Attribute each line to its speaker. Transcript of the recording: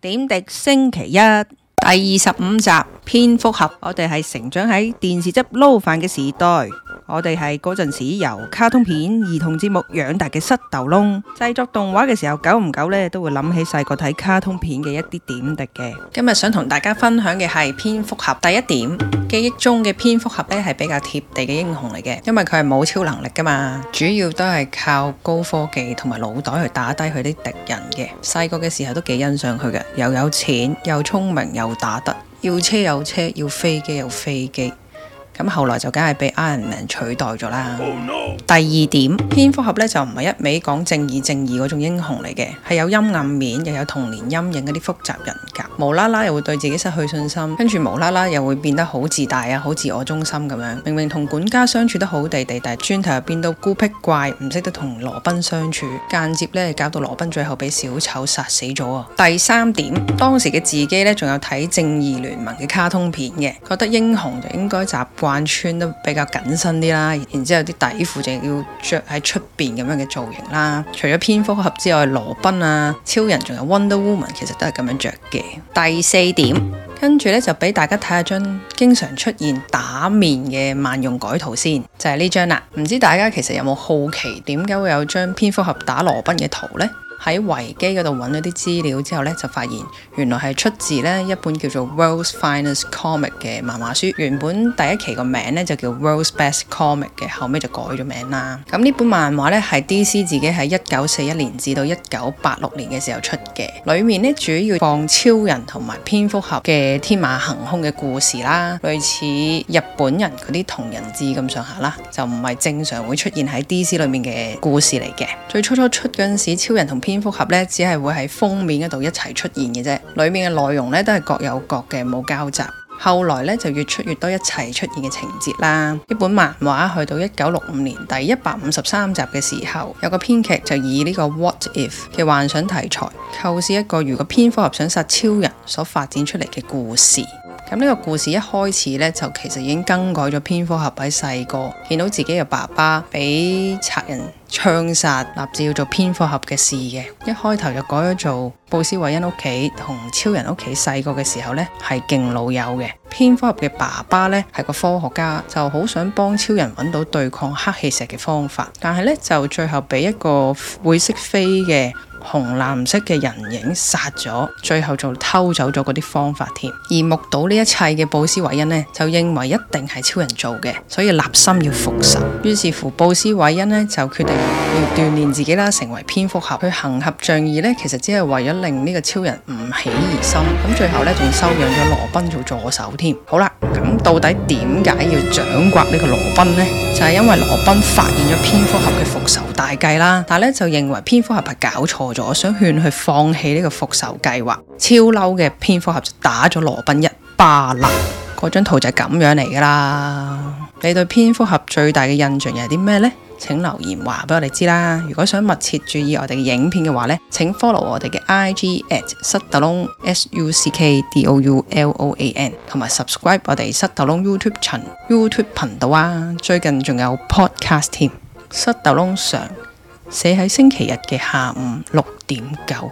Speaker 1: 點滴星期一，第二十五集蝙蝠俠，我哋係成長喺電視汁撈飯嘅時代。我哋係嗰陣時由卡通片、兒童節目養大嘅膝頭窿，製作動畫嘅時候，久唔久咧都會諗起細個睇卡通片嘅一啲點滴嘅。今日想同大家分享嘅係蝙蝠俠，第一點，記憶中嘅蝙蝠俠咧係比較貼地嘅英雄嚟嘅，因為佢係冇超能力噶嘛，主要都係靠高科技同埋腦袋去打低佢啲敵人嘅。細個嘅時候都幾欣賞佢嘅，又有錢，又聰明，又打得，要車有車，要飛機有飛機。咁後來就梗係被 Iron Man 取代咗啦。第二點，蝙蝠俠呢就唔係一味講正義正義嗰種英雄嚟嘅，係有陰暗面，又有童年陰影嗰啲複雜人格，無啦啦又會對自己失去信心，跟住無啦啦又會變得好自大啊，好自我中心咁樣。明明同管家相處得好地地，但係轉頭又變到孤僻怪，唔識得同羅賓相處，間接呢搞到羅賓最後俾小丑殺死咗啊。第三點，當時嘅自己呢仲有睇《正義聯盟》嘅卡通片嘅，覺得英雄就應該習慣。扮穿都比較緊身啲啦，然之後啲底褲就要着喺出邊咁樣嘅造型啦。除咗蝙蝠俠之外，羅賓啊、超人仲有 Wonder Woman 其實都係咁樣着嘅。第四點，跟住呢就俾大家睇下張經常出現打面嘅萬用改圖先，就係呢張啦。唔知大家其實有冇好奇點解會有張蝙蝠俠打羅賓嘅圖呢？喺維基嗰度揾咗啲資料之後呢，就發現原來係出自呢一本叫做《World's Finest Comic》嘅漫畫書。原本第一期個名呢，就叫《World's Best Comic》嘅，後尾就改咗名啦。咁呢本漫畫呢，係 DC 自己喺一九四一年至到一九八六年嘅時候出嘅，裡面呢，主要放超人同埋蝙蝠俠嘅天馬行空嘅故事啦，類似日本人嗰啲同人誌咁上下啦，就唔係正常會出現喺 DC 裏面嘅故事嚟嘅。最初初出嗰陣時，超人同蝙蝠俠咧只係會喺封面嗰度一齊出現嘅啫，裡面嘅內容咧都係各有各嘅，冇交集。後來咧就越出越多一齊出現嘅情節啦。一本漫畫去到一九六五年第一百五十三集嘅時候，有個編劇就以呢個 What If 嘅幻想題材，構思一個如果蝙蝠俠想殺超人所發展出嚟嘅故事。咁呢個故事一開始呢，就其實已經更改咗蝙蝠俠喺細個見到自己嘅爸爸俾賊人槍殺，立志要做蝙蝠俠嘅事嘅。一開頭就改咗做布斯韋恩屋企同超人屋企細個嘅時候呢，係勁老友嘅。蝙蝠俠嘅爸爸呢係個科學家，就好想幫超人搵到對抗黑氣石嘅方法，但係呢，就最後俾一個會識飛嘅。紅藍色嘅人影殺咗，最後仲偷走咗嗰啲方法添。而目睹呢一切嘅布斯韋恩呢，就認為一定係超人做嘅，所以立心要復仇。於是乎，布斯韋恩呢就決定。去鍛煉自己啦，成為蝙蝠俠。去行俠仗義呢，其實只係為咗令呢個超人唔起疑心。咁最後呢，仲收養咗羅賓做助手添。好啦，咁到底點解要掌摑呢個羅賓呢？就係因為羅賓發現咗蝙蝠俠嘅復仇大計啦。但係咧就認為蝙蝠俠係搞錯咗，想勸佢放棄呢個復仇計劃。超嬲嘅蝙蝠俠就打咗羅賓一巴啦。嗰張圖就係咁樣嚟噶啦！你對蝙蝠俠最大嘅印象又係啲咩呢？請留言話俾我哋知啦！如果想密切注意我哋嘅影片嘅話呢，請 follow 我哋嘅 IG at 塞豆窿，S U C K D O U L O A N 同埋 subscribe 我哋塞豆窿 YouTube 群 YouTube 頻道啊！最近仲有 podcast 添，塞豆窿上寫喺星期日嘅下午六點九。